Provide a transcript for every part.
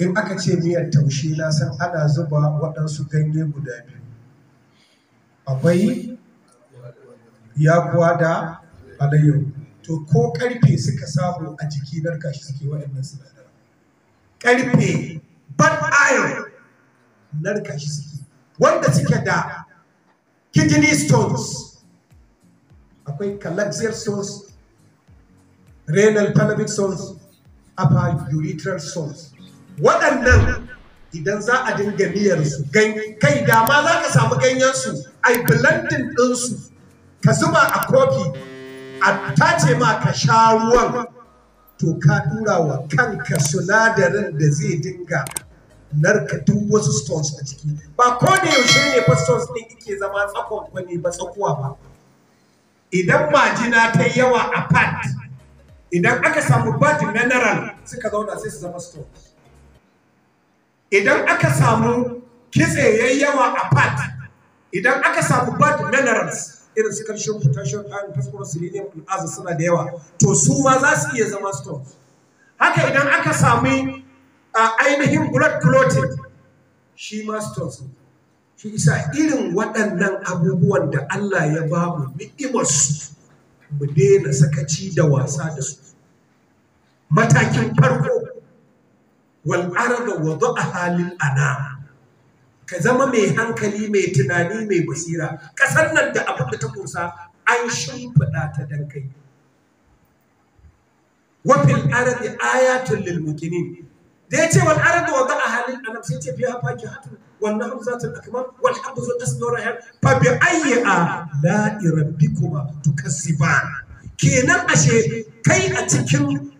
in aka ce miyar taushe na san ana zuba waɗansu ganye guda biyu akwai yakuwa da alayyahu to ko karfe suka samu a jiki narka shi suke waɗannan sinadaran karfe ban iron narka shi suke wanda suke da kidney stones akwai collateral stones renal pelvic stones upper urethral stones waɗannan idan za a dinga miyar su kai dama za ka samu ganyen su ai blending din su ka zuba a kofi a tace ma ka sha ruwan to ka dura wa kanka sinadarin da zai dinga narka duk wasu stones a ciki ba ko da yaushe ne ba stones din yake zama tsakon kwani ba tsakuwa ba idan majina ta yawa a pad idan aka samu bad mineral suka zauna sai su zama stones idan aka samu kitse yayi yawa a fat idan aka samu bad minerals irin su calcium potassium iron phosphorus selenium and suna da yawa to su ma za su iya zama stone haka idan aka sami ainihin blood clotting shi ma stones shi isa irin waɗannan abubuwan da Allah ya ba mu su, mu daina sakaci da wasa da su matakin farko wal arda wada'aha lil anam ka zama mai hankali mai tunani mai basira kasar nan da abin da ta kusa an shimfiɗa ta dan kai wafil ardi ayatul lil mukminin da ya ce wal ardi wada'aha lil anam sai ce biya faki hatu والنهر ذات الأكمام والحب ذو الأسد والريحان فبأي آلاء ربكما تكذبان kenan ashe kai a cikin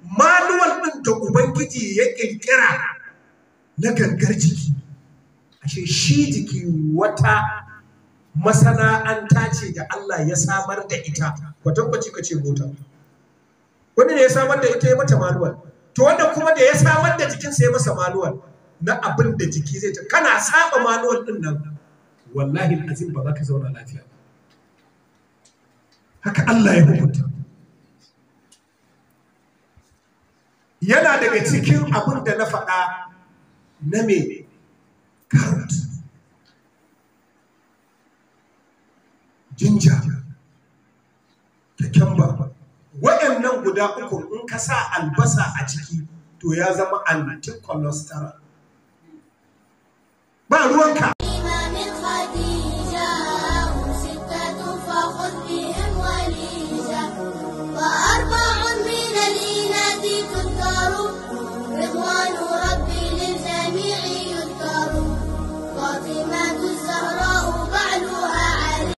maji ya ƙirƙira na gangar jiki ashe shi jiki wata masana'anta ce da Allah ya samar da ita kwatankwaci ka ce mota wanda ne ya samar da ita ya mata manuwal to wanda kuma da ya samar da jikin ya masa manuwal na abin da jiki zai ta kana saba manuwal din nan wallahi azim ba za ka zauna lafiya haka Allah ya hukunta daga cikin abin da na faɗa na me karot jinja da kyamba waɗannan guda uku in ka sa albasa a ciki to ya zama anticholesterol